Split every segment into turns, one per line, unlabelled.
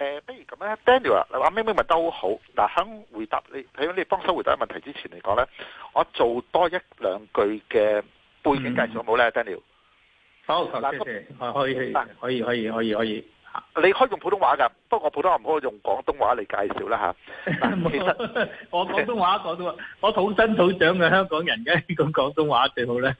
誒，不、呃、如咁咧，Daniel 啊，你話咩咪咪都好嗱、啊，肯回答你，喺你幫手回答問題之前嚟講咧，我做多一兩句嘅背景介紹、嗯、好冇咧，Daniel，好，多、啊、謝，
謝，可以，啊、可以，可以，可以，可以，你可以用普通話噶，不過我普通話唔可以用廣東話嚟介紹啦嚇。其實我廣東話廣東話，我土生土長嘅香港人嘅，講廣東話最好咧。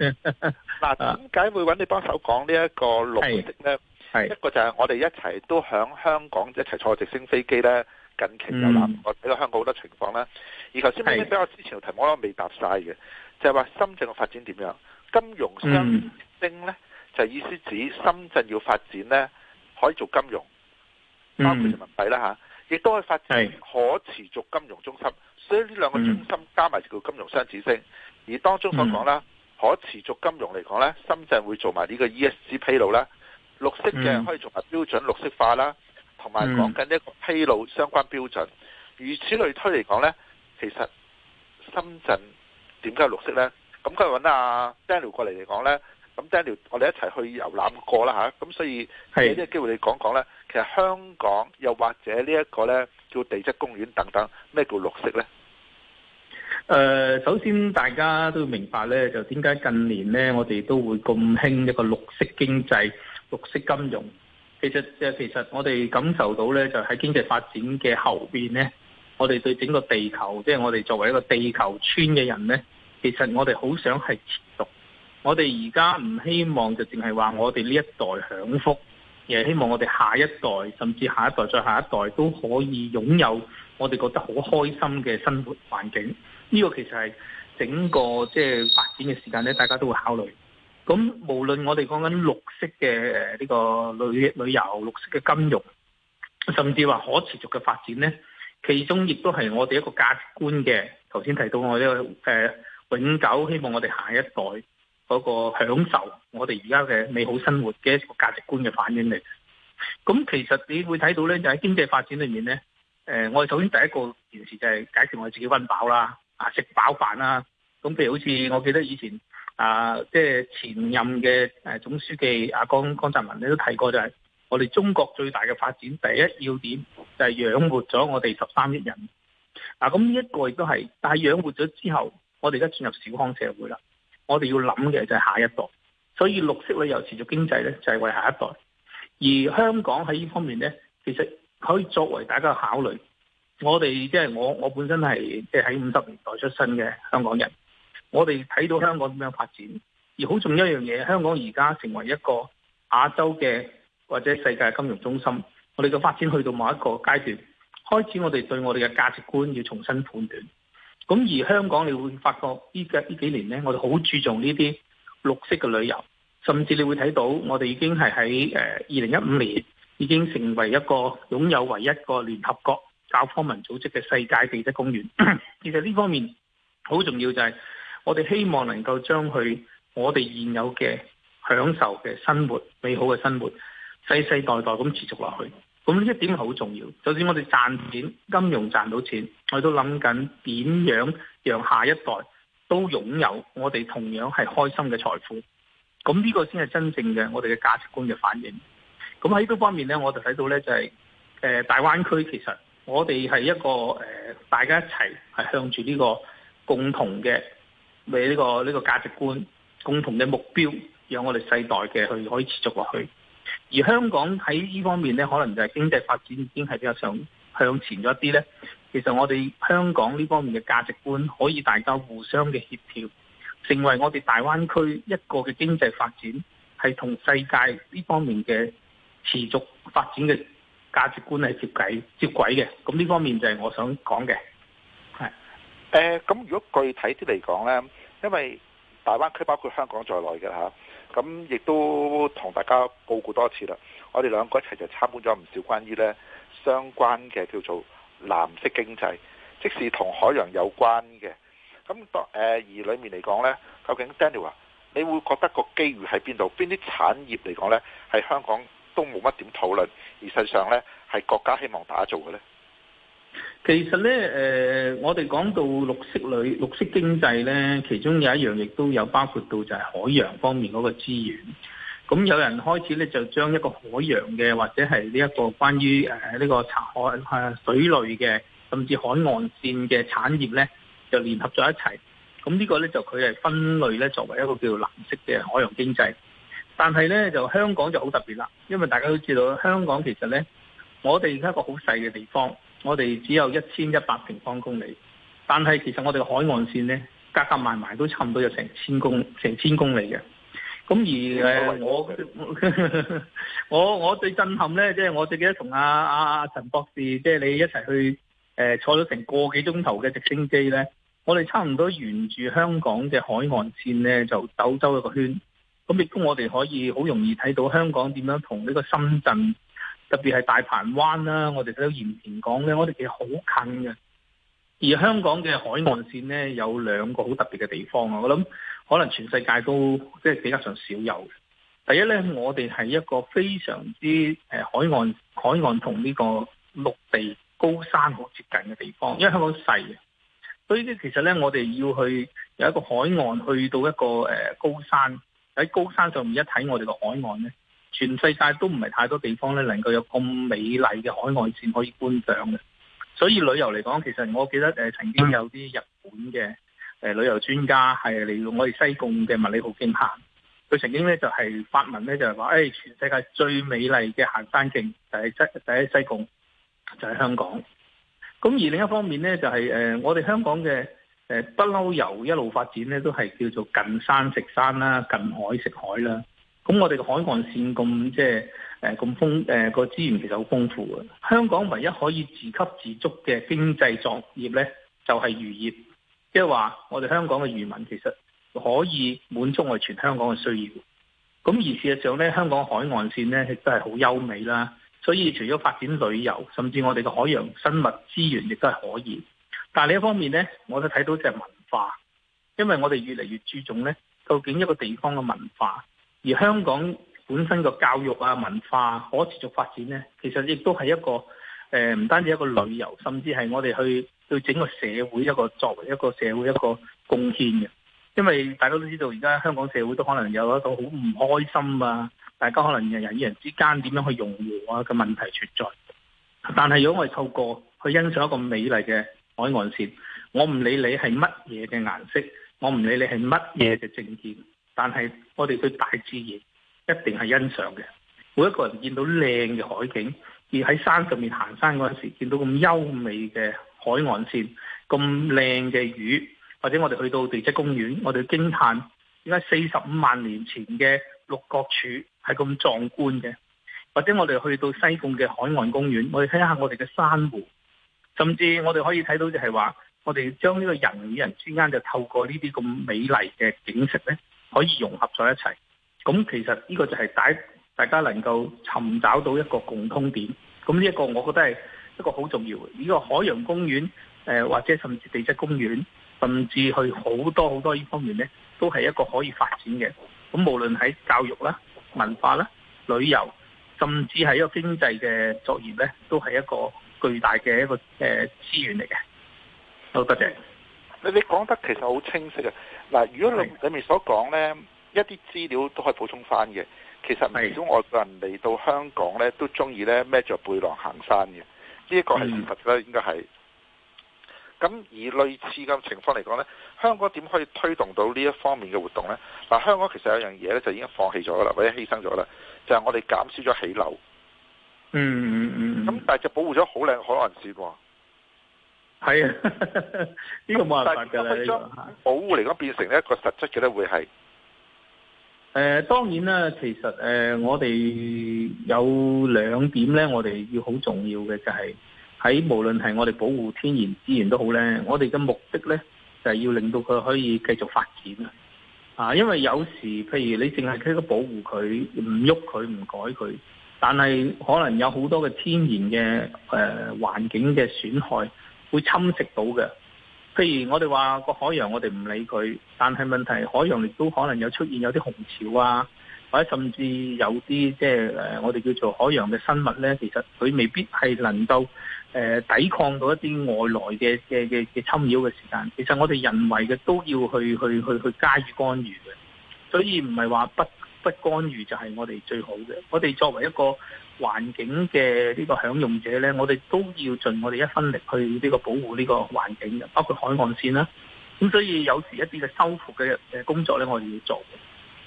嗱、 啊，點解會揾你幫手講呢一個綠色咧？係是一個就係我哋一齊都響香港一齊坐直升飛機咧。近期又諗過呢個香港好多情況咧。而頭先畀我之前嘅題目，我都未答晒嘅就係、是、話深圳嘅發展點樣？金融雙子星咧，嗯、就意思指深圳要發展咧，可以做金融，
包括人民
幣啦吓，亦、啊、都可以發展可持續金融中心。是所以呢兩個中心、嗯、加埋就叫金融雙子星。而當中所講啦，嗯、可持續金融嚟講咧，深圳會做埋呢個 E S G 披露啦。綠色嘅可以做埋標準、嗯、綠色化啦，同埋講緊一個披露相關標準。如、嗯、此類推嚟講呢，其實深圳點解綠色呢？咁佢揾阿 Daniel 過嚟嚟講呢，咁 Daniel，我哋一齊去遊覽過啦嚇。咁所以係呢個機會，你講講呢？是其實香港又或者呢一個呢，叫地質公園等等，咩叫綠色呢？誒、
呃，首先大家都明白呢，就點解近年呢，我哋都會咁興一個綠色經濟？綠色金融，其實就其實我哋感受到咧，就喺經濟發展嘅後邊咧，我哋對整個地球，即係我哋作為一個地球村嘅人咧，其實我哋好想係持續。我哋而家唔希望就淨係話我哋呢一代享福，而係希望我哋下一代，甚至下一代再下一代都可以擁有我哋覺得好開心嘅生活環境。呢個其實係整個即係發展嘅時間咧，大家都會考慮。咁無論我哋講緊綠色嘅呢個旅旅遊，綠色嘅金融，甚至話可持續嘅發展呢，其中亦都係我哋一個價值觀嘅。頭先提到我呢個誒、呃，永久希望我哋下一代嗰個享受我哋而家嘅美好生活嘅一個價值觀嘅反映嚟。咁其實你會睇到呢，就喺經濟發展裏面呢，誒、呃，我哋首先第一個件事就係解決我自己溫飽啦，啊，食飽飯啦。咁譬如好似我記得以前。啊，即係前任嘅誒總書記阿江江澤民你都提過，就係我哋中國最大嘅發展第一要點就係養活咗我哋十三億人。嗱、啊，咁呢一個亦都係，但係養活咗之後，我哋而家進入小康社會啦。我哋要諗嘅就係下一代，所以綠色旅遊持續經濟咧就係為下一代。而香港喺呢方面咧，其實可以作為大家考慮。我哋即係我我本身係即係喺五十年代出生嘅香港人。我哋睇到香港點樣發展，而好重要一樣嘢，香港而家成為一個亞洲嘅或者世界金融中心，我哋嘅發展去到某一個階段，開始我哋對我哋嘅價值觀要重新判斷。咁而香港，你會發覺呢幾年咧，我哋好注重呢啲綠色嘅旅遊，甚至你會睇到我哋已經係喺誒二零一五年已經成為一個擁有唯一個聯合國教科文組織嘅世界地質公園。 其實呢方面好重要就係。我哋希望能夠將佢我哋現有嘅享受嘅生活、美好嘅生活，世世代代咁持續落去。咁呢一點好重要。就算我哋賺錢，金融賺到錢，我都諗緊點樣讓下一代都擁有我哋同樣係開心嘅財富。咁呢個先係真正嘅我哋嘅價值觀嘅反應。咁喺呢方面呢，我就睇到呢就係、是、誒、呃、大灣區其實我哋係一個誒、呃、大家一齊係向住呢個共同嘅。你呢、個呢個價值觀共同嘅目標，讓我哋世代嘅去可以持續落去。而香港喺呢方面咧，可能就係經濟發展已經係比較上向前咗一啲咧。其實我哋香港呢方面嘅價值觀，可以大家互相嘅協調，成為我哋大灣區一個嘅經濟發展，係同世界呢方面嘅持續發展嘅價值觀係接，接軌接軌嘅。咁呢方面就係我想講嘅。
誒咁、呃、如果具體啲嚟講呢，因為大灣區包括香港在內嘅嚇，咁、啊、亦都同大家報告多次啦。我哋兩個一齊就參觀咗唔少關於呢相關嘅叫做藍色經濟，即係同海洋有關嘅。咁當誒而裏面嚟講呢，究竟 Daniel，你會覺得個機遇喺邊度？邊啲產業嚟講呢？喺香港都冇乜點討論，而實際上呢，係國家希望打造嘅呢。
其實咧，誒、呃，我哋講到綠色旅、綠色經濟咧，其中有一樣亦都有包括到就係海洋方面嗰個資源。咁有人開始咧就將一個海洋嘅或者係呢一個關於誒呢個茶海嚇、啊、水類嘅，甚至海岸線嘅產業咧，就聯合咗一齊。咁呢個咧就佢係分類咧，作為一個叫做藍色嘅海洋經濟。但係咧就香港就好特別啦，因為大家都知道香港其實咧，我哋而家一個好細嘅地方。我哋只有一千一百平方公里，但係其實我哋嘅海岸線呢，夾夾埋埋都差唔多有成千公成千公里嘅。咁而誒，我 我我最震撼呢，即、就、係、是、我最記得同阿阿陳博士，即、就、係、是、你一齊去誒、呃、坐咗成個幾鐘頭嘅直升機呢，我哋差唔多沿住香港嘅海岸線呢，就走咗一個圈。咁亦都我哋可以好容易睇到香港點樣同呢個深圳。特別係大鵬灣啦、啊，我哋睇到鹽田港咧，我哋其實好近嘅。而香港嘅海岸線咧，有兩個好特別嘅地方啊！我諗可能全世界都即係比較上少有。第一咧，我哋係一個非常之誒海岸，海岸同呢個陸地高山好接近嘅地方，因為香港細，所以咧其實咧，我哋要去有一個海岸去到一個誒高山喺高山上面一睇我哋個海岸咧。全世界都唔係太多地方咧，能夠有咁美麗嘅海岸線可以觀賞嘅。所以旅遊嚟講，其實我記得誒曾經有啲日本嘅誒旅遊專家係嚟到我哋西貢嘅麥理浩徑行，佢曾經咧就係發文咧就係話，誒全世界最美麗嘅行山徑就係西就喺西貢，就喺香港。咁而另一方面咧，就係誒我哋香港嘅誒不嬲遊一路發展咧，都係叫做近山食山啦，近海食海啦。咁我哋嘅海岸線咁即係誒咁豐誒個資源其實好豐富嘅。香港唯一可以自給自足嘅經濟作業呢，就係漁業，即係話我哋香港嘅漁民其實可以滿足我哋全香港嘅需要。咁而事實上呢，香港海岸線呢亦都係好優美啦。所以除咗發展旅遊，甚至我哋嘅海洋生物資源亦都係可以。但係另一方面呢，我都睇到就係文化，因為我哋越嚟越注重呢，究竟一個地方嘅文化。而香港本身個教育啊、文化、啊、可持續發展咧，其實亦都係一個誒唔、呃、單止一個旅遊，甚至係我哋去對整個社會一個作為一個社會一個貢獻嘅。因為大家都知道，而家香港社會都可能有一個好唔開心啊，大家可能人人與人之間點樣去融和啊嘅問題存在。但係如果我哋透過去欣賞一個美麗嘅海岸線，我唔理你係乜嘢嘅顏色，我唔理你係乜嘢嘅政見。但係，我哋對大自然一定係欣賞嘅。每一個人見到靚嘅海景，而喺山上面行山嗰陣時，見到咁優美嘅海岸線、咁靚嘅魚，或者我哋去到地質公園，我哋驚歎點解四十五萬年前嘅六角柱係咁壯觀嘅，或者我哋去到西貢嘅海岸公園，我哋睇下我哋嘅珊瑚，甚至我哋可以睇到就係話，我哋將呢個人與人之間就透過呢啲咁美麗嘅景色呢。可以融合在一齊，咁其實呢個就係大大家能夠尋找到一個共通點，咁呢一個我覺得係一個好重要嘅。呢個海洋公園，誒、呃、或者甚至地質公園，甚至去好多好多呢方面呢，都係一個可以發展嘅。咁無論喺教育啦、文化啦、旅遊，甚至係一個經濟嘅作業呢，都係一個巨大嘅一個誒、呃、資源嚟嘅。好，多謝。
你你講得其實好清晰啊！嗱，如果你裏面所講呢一啲資料都可以補充翻嘅。其實如果外國人嚟到香港呢，都中意呢孭着背囊行山嘅，呢一個係事實啦，應該係。咁，嗯，而類似嘅情況嚟講呢，香港點可以推動到呢一方面嘅活動呢？嗱，香港其實有樣嘢呢，就已經放棄咗啦，或者犧牲咗啦，就係我哋減少咗起樓。嗯嗯嗯。咁但係就保護咗好靚海岸線喎。
係啊，呢 個冇辦法㗎啦。
保護嚟講，變成一個實質嘅咧，會係
誒、呃，當然啦。其實誒、呃，我哋有兩點咧，我哋要好重要嘅就係、是、喺無論係我哋保護天然資源都好咧，我哋嘅目的咧就係、是、要令到佢可以繼續發展啊。啊，因為有時譬如你淨係喺度保護佢，唔喐佢，唔改佢，但係可能有好多嘅天然嘅誒、呃、環境嘅損害。會侵蝕到嘅，譬如我哋話個海洋，我哋唔理佢，但係問題海洋亦都可能有出現有啲紅潮啊，或者甚至有啲即係誒，就是、我哋叫做海洋嘅生物咧，其實佢未必係能夠誒、呃、抵抗到一啲外來嘅嘅嘅嘅侵擾嘅時間，其實我哋人為嘅都要去去去去加以干預嘅，所以唔係話不。不干預就係我哋最好嘅。我哋作為一個環境嘅呢個享用者呢，我哋都要盡我哋一分力去呢個保護呢個環境嘅，包括海岸線啦。咁所以有時一啲嘅修復嘅工作呢，我哋要做嘅。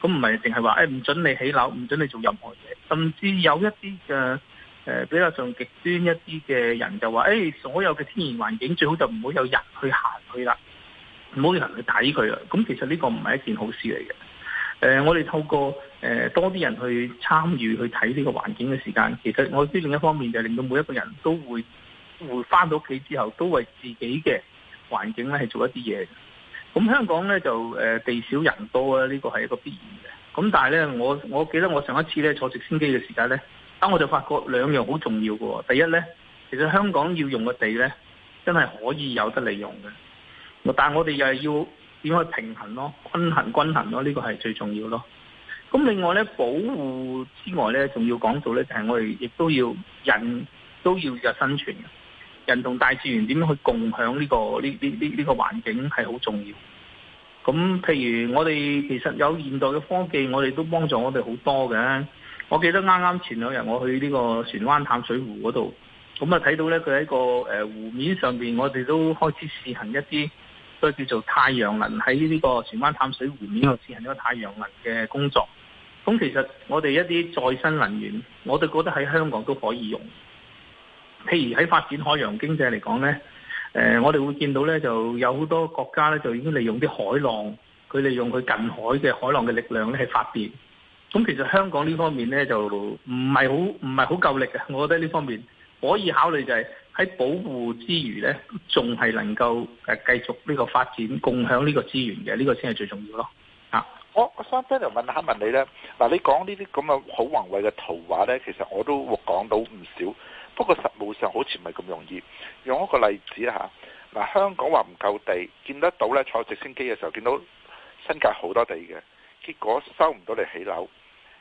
咁唔係淨係話誒唔准你起樓，唔准你做任何嘢，甚至有一啲嘅、呃、比較上極端一啲嘅人就話：誒、哎、所有嘅天然環境最好就唔好有人去行去啦，唔好有人去睇佢啦。咁其實呢個唔係一件好事嚟嘅。誒、呃，我哋透過誒、呃、多啲人去參與去睇呢個環境嘅時間，其實我知另一方面就令到每一個人都會會返到屋企之後都為自己嘅環境咧係做一啲嘢。咁、嗯、香港咧就誒、呃、地少人多啊，呢、這個係一個必然嘅。咁、嗯、但係咧，我我記得我上一次咧坐直升機嘅時間咧，啊我就發覺兩樣好重要嘅喎、哦。第一咧，其實香港要用嘅地咧，真係可以有得利用嘅、嗯。但係我哋又係要。點去平衡咯？均衡、均衡咯，呢、這個係最重要咯。咁另外咧，保護之外咧，仲要講到咧，就係、是、我哋亦都要人都要嘅生存人同大自然點樣去共享呢、這個呢呢呢呢個環、這個、境係好重要。咁譬如我哋其實有現代嘅科技，我哋都幫助我哋好多嘅。我記得啱啱前兩日我去呢個船灣淡水湖嗰度，咁啊睇到咧佢喺個誒湖面上邊，我哋都開始試行一啲。都叫做太陽能，喺呢個船灣淡水湖面度進行呢個太陽能嘅工作。咁其實我哋一啲再生能源，我哋覺得喺香港都可以用。
譬如
喺發展海洋經濟嚟講呢，誒我哋會見到呢就有好多國家呢，就已經利用啲海浪，佢利用佢近海嘅海浪嘅力量咧嚟發電。咁其實香港呢方面呢，就唔係好唔係好夠力嘅，我覺得呢方面。可以考慮就係、是、喺保護之餘呢，仲係能夠誒、呃、繼續呢個發展，共享呢個資源嘅呢、這個先係最重要咯。啊，我想翻嚟問下問
你呢，嗱，你講呢啲咁啊好宏偉嘅圖畫呢，其實我都講到唔少，不過實務上好似唔係咁容易。用一個例子啦嗱、啊，香港話唔夠地，見得到呢，坐直升機嘅時候見到新界好多地嘅，結果收唔到嚟起樓。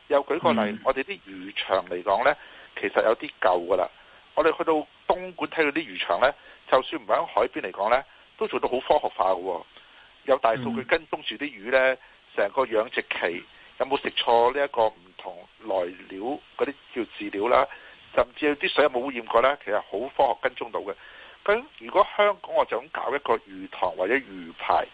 又舉個例，嗯、我哋啲漁場嚟講呢，其實有啲舊㗎喇。我哋去到東莞睇到啲魚場呢，就算唔喺海邊嚟講呢，都做到好科學化嘅喎。有大數據跟蹤住啲魚呢，成個養殖期有冇食錯呢一個唔同來料嗰啲叫飼料啦，甚至有啲水有冇污染過呢？其實好科學跟蹤到嘅。咁如果香港我就咁搞一個魚塘或者魚排，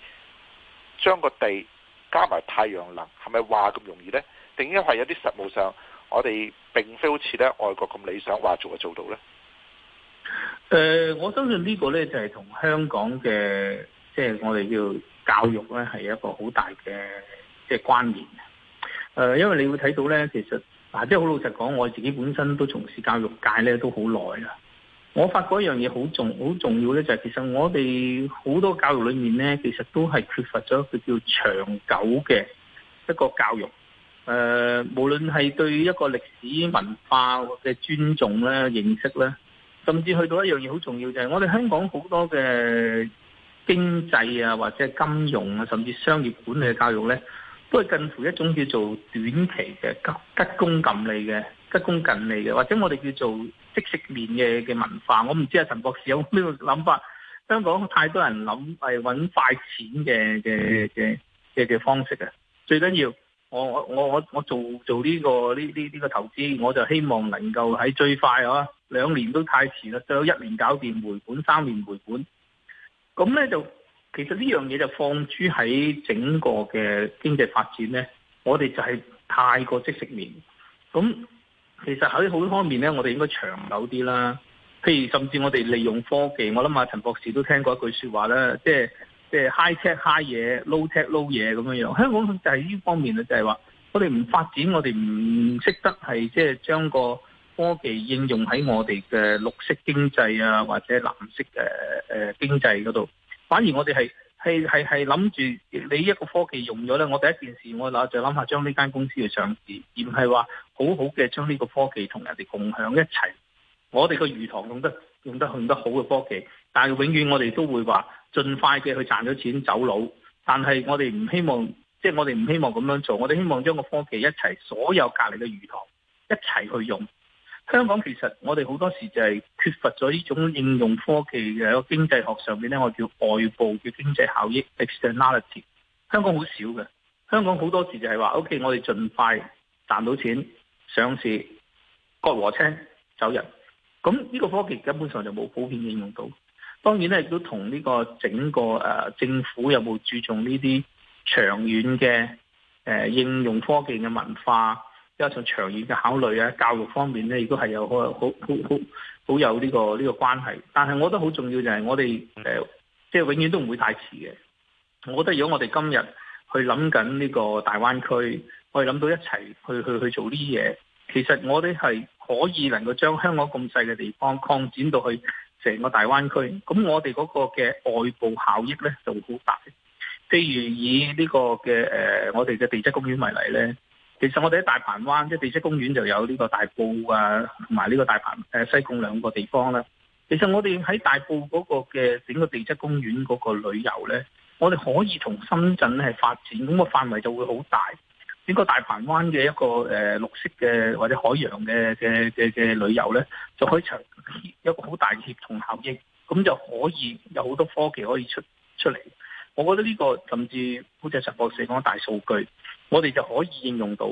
將個地加埋太陽能，係咪話咁容易呢？定因為有啲實務上我哋？並非好似咧外國咁理想話做就做到
咧。誒,我相信呢個咧就係同香港嘅，即係我哋叫教育咧係一個好大嘅即係關聯嘅。誒，因為你會睇到咧，其實嗱，即係好老實講，我自己本身都從事教育界咧都好耐啦。我發覺一樣嘢好重好重要咧，就係其實我哋好多教育裏面咧，其實都係缺乏咗一個叫長久嘅一個教育。誒、呃，無論係對一個歷史文化嘅尊重啦、認識啦，甚至去到一樣嘢好重要就係，我哋香港好多嘅經濟啊，或者金融啊，甚至商業管理嘅教育呢，都係近乎一種叫做短期嘅急急功近利嘅急功近利嘅，或者我哋叫做即食麵嘅嘅文化。我唔知阿陳博士有冇呢個諗法？香港太多人諗係揾快錢嘅嘅嘅嘅嘅方式啊！最緊要。我我我我我做做呢個呢呢呢個投資，我就希望能夠喺最快啊兩年都太遲啦，最好一年搞掂回本，三年回本。咁呢，就其實呢樣嘢就放諸喺整個嘅經濟發展呢，我哋就係太過即食麵。咁其實喺好多方面呢，我哋應該長久啲啦。譬如甚至我哋利用科技，我諗阿陳博士都聽過一句說話啦，即係。即係 high tech high 嘢，low tech low 嘢咁樣樣。香港就係呢方面啊，就係話我哋唔發展，我哋唔識得係即係將個科技應用喺我哋嘅綠色經濟啊，或者藍色誒誒經濟嗰度。反而我哋係係係係諗住你一個科技用咗咧，我第一件事我嗱就諗下將呢間公司去上市，而唔係話好好嘅將呢個科技同人哋共享一齊。我哋個魚塘用得用得用得好嘅科技，但係永遠我哋都會話。盡快嘅去賺到錢走佬，但係我哋唔希望，即係我哋唔希望咁樣做。我哋希望將個科技一齊所有隔籬嘅魚塘一齊去用。香港其實我哋好多時就係缺乏咗呢種應用科技嘅一個經濟學上面咧，我叫外部嘅經濟效益 externality。香港好少嘅，香港好多時就係話，OK，我哋盡快賺到錢上市割禾青走人。咁呢個科技根本上就冇普遍應用到。當然咧，都同呢個整個誒政府有冇注重呢啲長遠嘅誒應用科技嘅文化，加上長遠嘅考慮呀，教育方面咧，亦都係有個好好好好有呢個呢個關係。但係，我覺得好重要就係我哋誒，即係永遠都唔會太遲嘅。我覺得如果我哋今日去諗緊呢個大灣區，我哋諗到一齊去去去做呢啲嘢，其實我哋係可以能夠將香港咁細嘅地方擴展到去。成個大灣區，咁我哋嗰個嘅外部效益咧就會好大。譬如以呢個嘅誒、呃，我哋嘅地質公園為例咧，其實我哋喺大鵬灣即係地質公園就有呢個大埔啊，同埋呢個大鵬誒、啊、西貢兩個地方啦、啊。其實我哋喺大埔嗰個嘅整個地質公園嗰個旅遊咧，我哋可以從深圳係發展，咁、個範圍就會好大。整個大鵬灣嘅一個誒、呃、綠色嘅或者海洋嘅嘅嘅嘅旅遊咧，就可以長一個好大嘅協同效益，咁就可以有好多科技可以出出嚟。我覺得呢、這個甚至好似陳博士講大數據，我哋就可以應用到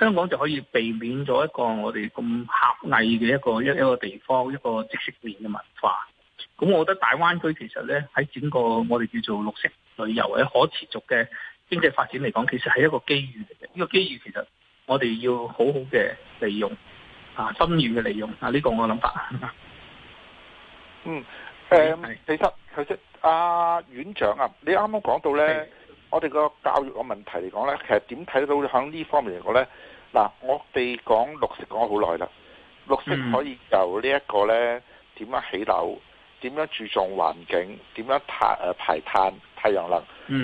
香港，就可以避免咗一個我哋咁狹隘嘅一個一、嗯、一個地方一個知識面嘅文化。咁我覺得大灣區其實咧喺整個我哋叫做綠色旅遊或者可持續嘅，經濟發展嚟講，其實係一個機遇嚟嘅。呢個機遇其實我哋要好好嘅利用，啊，深遠嘅利用啊！呢、這個我嘅諗法。 嗯，誒、呃，其實其實阿、啊、院長
啊，你啱啱講到咧，的我哋個教育個問題嚟講咧，其實點睇到喺呢方面嚟講咧？嗱、啊，我哋講綠色講咗好耐啦，嗯、綠色可以由呢一個咧點樣起樓，點樣注重環境，點樣排誒排碳。排太陽能，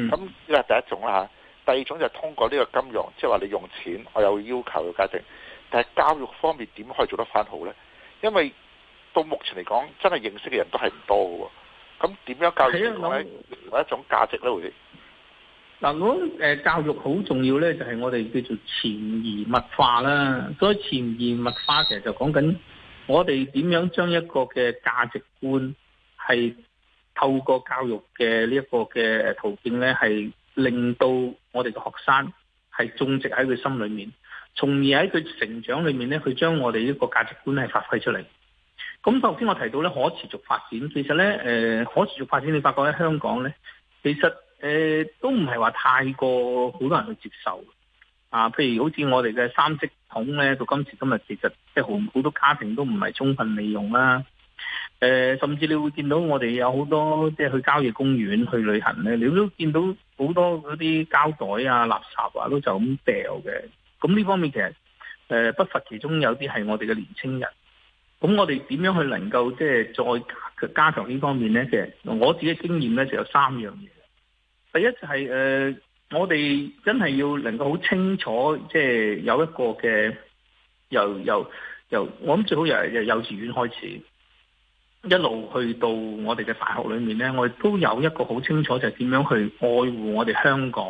咁呢係第一種啦嚇。第二種就係通過呢個金融，即係話你用錢，我有要求嘅價值。但係教育方面點可以做得翻好咧？因為到目前嚟講，真係認識嘅人都係唔多嘅喎。咁點樣教育嚟講咧？啊嗯、另一種價值咧，會、嗯。
嗱、那個，我、呃、誒教育好重要咧，就係、是、我哋叫做潛移默化啦。所以潛移默化其實就講緊我哋點樣將一個嘅價值觀係。透過教育嘅呢一個嘅途徑呢，係令到我哋嘅學生係種植喺佢心裏面，從而喺佢成長裏面呢，佢將我哋呢個價值觀係發揮出嚟。咁頭先我提到呢，可持續發展其實呢，誒、呃、可持續發展你發覺喺香港呢，其實誒、呃、都唔係話太過好多人去接受啊。譬如好似我哋嘅三色桶呢，到今時今日其實即係好好多家庭都唔係充分利用啦。誒、呃，甚至你會見到我哋有好多即係去郊野公園去旅行咧，你都見到好多嗰啲膠袋啊、垃圾啊，都就咁掉嘅。咁呢方面其實誒、呃、不乏其中有啲係我哋嘅年青人。咁我哋點樣去能夠即係再加強呢方面咧？其實我自己經驗咧就有三樣嘢。第一就係、是、誒、呃，我哋真係要能夠好清楚，即係有一個嘅，由由由，我諗最好又係由幼稚園開始。一路去到我哋嘅大學裏面呢，我哋都有一個好清楚就係點樣去愛護我哋香港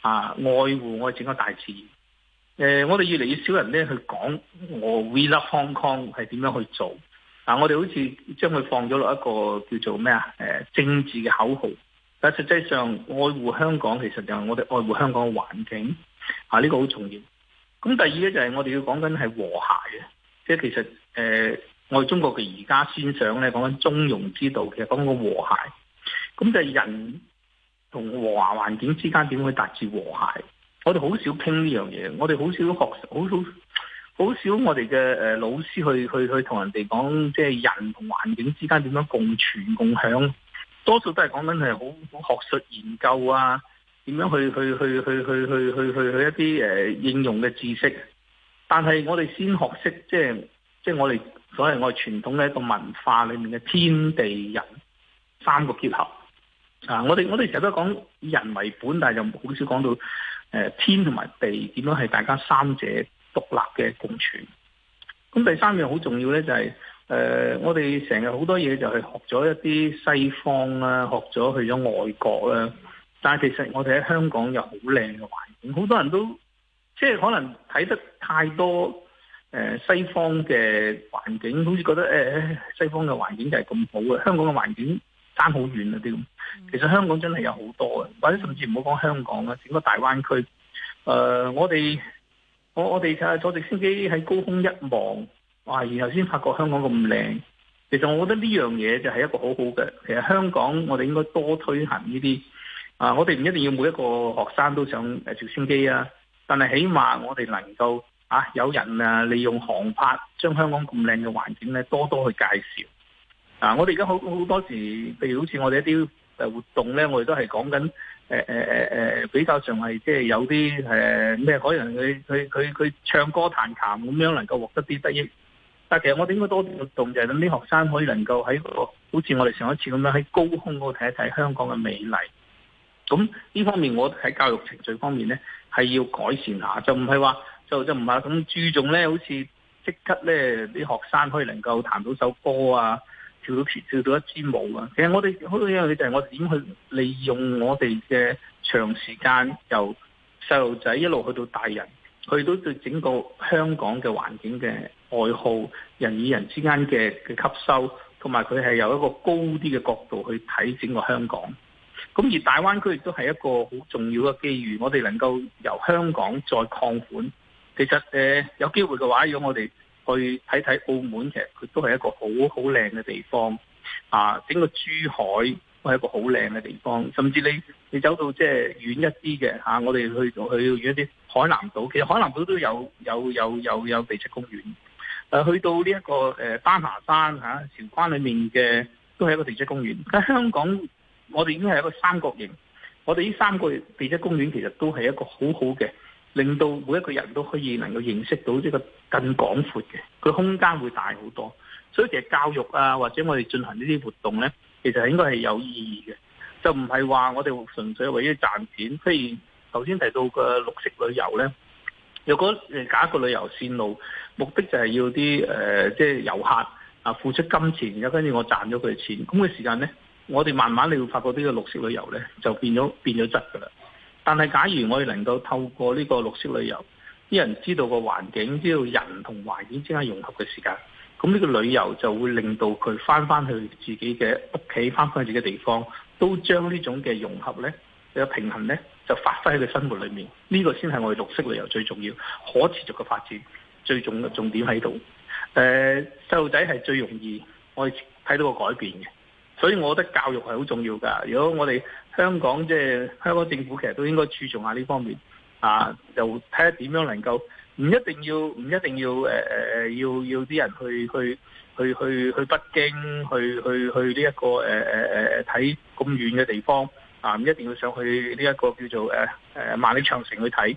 啊，愛護我哋整個大自然。誒、呃，我哋越嚟越少人呢去講我 We Love Hong Kong 係點樣去做。嗱、啊，我哋好似將佢放咗落一個叫做咩啊？誒、呃，政治嘅口號。但、啊、實際上，愛護香港其實就係我哋愛護香港嘅環境啊，呢、呢個好重要。咁、啊、第二呢，就係我哋要講緊係和諧嘅，即係其實誒、呃我哋中國嘅而家先想咧，講緊中庸之道，其實講緊個和諧。咁就係人同和諧環境之間點去達至和諧？我哋好少傾呢樣嘢，我哋好少學，好好好少我哋嘅誒老師去去去同人哋講，即係人同環境之間點樣共存共享。多數都係講緊係好好學術研究啊，點樣去去去去去去去去一啲誒應用嘅知識。但係我哋先學識，即係即係我哋。所以我傳統嘅一個文化裏面嘅天地人三個結合啊，我哋我哋成日都講以人為本，但係就好少講到誒、呃、天同埋地點樣係大家三者獨立嘅共存。咁第三樣好重要咧，就是、呃、就係誒我哋成日好多嘢就係學咗一啲西方啦，啊，學咗去咗外國啦，啊，但係其實我哋喺香港有好靚嘅環境，好多人都即係、就是、可能睇得太多。誒、哎，西方嘅環境好似覺得誒，西方嘅環境就係咁好嘅，香港嘅環境差好遠啊啲咁。其實香港真係有好多嘅，或者甚至唔好講香港啦，整個大灣區。誒、呃，我哋我我哋坐坐直升機喺高空一望，哇！然後先發覺香港咁靚。其實我覺得呢樣嘢就係一個好好嘅。其實香港我哋應該多推行呢啲。啊、呃，我哋唔一定要每一個學生都想坐直升機啊，但係起碼我哋能夠。啊！有人啊，利用航拍將香港咁靚嘅環境咧，多多去介紹。啊！我哋而家好好多時，譬如好似我哋一啲誒活動咧，我哋都係講緊誒誒誒誒，比較上係即係有啲誒咩海人佢佢佢佢唱歌彈琴咁樣，能夠獲得啲得益。但其實我哋應該多啲活動，就係等啲學生可以能夠喺好似我哋上一次咁樣喺高空度睇一睇香港嘅美麗。咁、嗯、呢方面，我喺教育程序方面咧，係要改善下，就唔係話。就就唔係咁注重咧，好似即刻咧，啲學生可以能夠彈到首歌啊，跳到跳到一支舞啊。其實我哋好多嘢，嘅就係我點去利用我哋嘅長時間，由細路仔一路去到大人，佢都對整個香港嘅環境嘅愛好、人與人之間嘅嘅吸收，同埋佢係由一個高啲嘅角度去睇整個香港。咁而大灣區亦都係一個好重要嘅機遇，我哋能夠由香港再擴寬。其實誒，有機會嘅話，如果我哋去睇睇澳門，其實佢都係一個好好靚嘅地方。啊，整個珠海都係一個好靚嘅地方。甚至你你走到即係遠一啲嘅吓，我哋去去遠一啲，海南島其實海南島都有有有有有地質公園。誒、啊，去到呢一個誒丹霞山吓，韶、啊、關裏面嘅都係一個地質公園。喺香港，我哋已經係一個三角形，我哋呢三個地質公園其實都係一個好好嘅。令到每一個人都可以能夠認識到呢個更廣闊嘅，佢空間會大好多。所以其實教育啊，或者我哋進行呢啲活動咧，其實應該係有意義嘅，就唔係話我哋純粹為咗賺錢。譬如頭先提到嘅綠色旅遊咧，如果誒搞一個旅遊線路，目的就係要啲誒即係遊客啊付出金錢，然後跟住我賺咗佢哋錢，咁嘅時間咧，我哋慢慢你會發覺呢個綠色旅遊咧就變咗變咗質㗎啦。但係，假如我哋能夠透過呢個綠色旅遊，啲人知道個環境，知道人同環境之間融合嘅時間，咁呢個旅遊就會令到佢翻返去自己嘅屋企，翻返去自己嘅地方，都將呢種嘅融合呢，有平衡呢，就發揮喺佢生活裏面。呢、呢個先係我哋綠色旅遊最重要、可持續嘅發展最重嘅重點喺度。誒、呃，細路仔係最容易我哋睇到個改變嘅。所以我覺得教育係好重要㗎。如果我哋香港即係、就是、香港政府，其實都應該注重下呢方面。啊，就睇下點樣能夠唔一定要唔一定要誒誒、呃、要要啲人去去去去去北京去去去呢、這、一個誒誒誒睇咁遠嘅地方。啊，唔一定要上去呢一個叫做誒誒、呃、萬里長城去睇。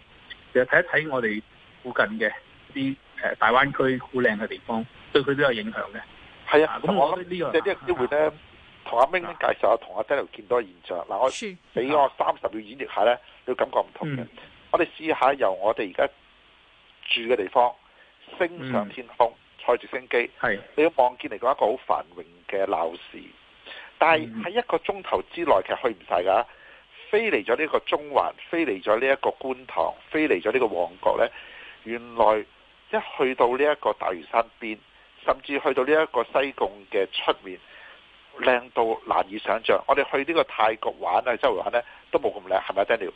其實睇一睇我哋附近嘅啲誒大灣區好靚嘅地方，對佢都有影響嘅。係啊，咁、啊、我諗即係啲人機會咧。
同阿明都介紹下，同阿爹又見到嘅現象。嗱，我俾我三十秒演繹下咧，你感覺唔同嘅。嗯、我哋試下由我哋而家住嘅地方升上天空，坐、嗯、直升機，是你要望見嚟講一個好繁榮嘅鬧市，但係喺一個鐘頭之內其實去唔晒㗎。飛嚟咗呢個中環，飛嚟咗呢一個觀塘，飛嚟咗呢個旺角咧，原來一去到呢一個大嶼山邊，甚至去到呢一個西貢嘅出面。靚到難以想象，我哋去呢個泰國玩啊，周圍玩咧都冇咁靚，係咪啊，Daniel？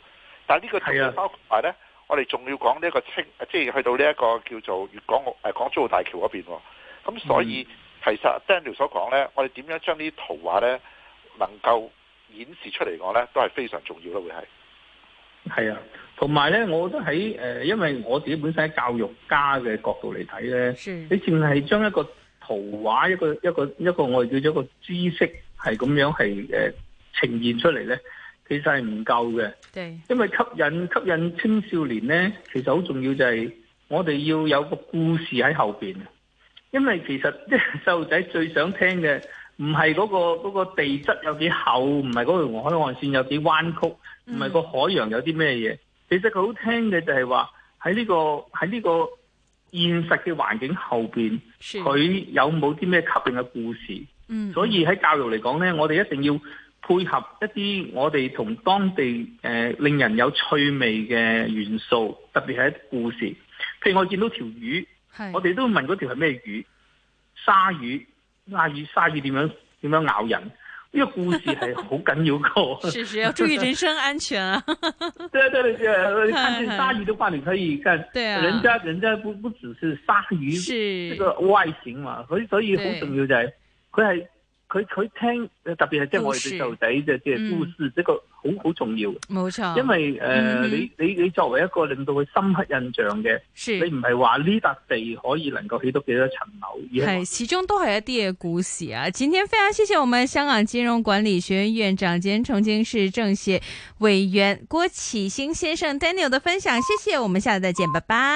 但係是、啊、呢個當然包埋咧，我哋仲要講呢一個清，即係去到呢一個叫做粵港誒、呃、港珠澳大橋嗰邊、哦，咁所以、嗯、其實 Daniel 所講咧，我哋點樣將呢啲圖畫咧能夠顯示出嚟講咧，都係非常重要咯，會係。係
啊，同埋咧，我覺得喺誒、呃，因為我自己本身喺教育家嘅角度嚟睇咧，是你淨係將一個。圖畫一個一個一個我哋叫一個知識係咁樣係、呃、誒、呃呃、呈現出嚟咧，其實係唔夠嘅。因為吸引吸引青少年咧，其實好重要就係我哋要有個故事喺後邊。因為其實即係細路仔最想聽嘅、那個，唔係嗰個嗰個地質有幾厚，唔係嗰條海岸線有幾彎曲，唔係個海洋有啲咩嘢。嗯、其實佢好聽嘅就係話喺呢個喺呢個。現實嘅環境後邊，佢的有冇啲咩吸引嘅故事？嗯，
嗯，所以喺
教育嚟講呢，我哋一定要配合一啲我哋同當地誒、呃、令人有趣味嘅元素，特別係一啲故事。譬如我見到條魚，的我哋都問嗰條係咩魚？鯊魚、鯊、啊、魚、鯊魚點樣點樣咬人？要護住係好緊要嘅，是是要注意人身安全啊。 對啊對啊，見到鯊魚的話你可以，看人家人家不不只是鯊魚，是這個外形嘛，所以所以好重要就係佢係。佢佢聽特別係即係我哋對細路仔嘅即係故事，一、嗯、個好好重要。冇錯錯，因為誒、嗯哼呃，你你你作為一個令到佢深刻印象嘅，是你唔係話呢笪地可以能夠起到幾多層樓。而係始終都係一啲嘅故事啊！今天非常謝謝我們香港金融管理學院院長兼重慶市政協委員郭啟興先生 Daniel 的分享，謝謝，我們下次再見，拜拜。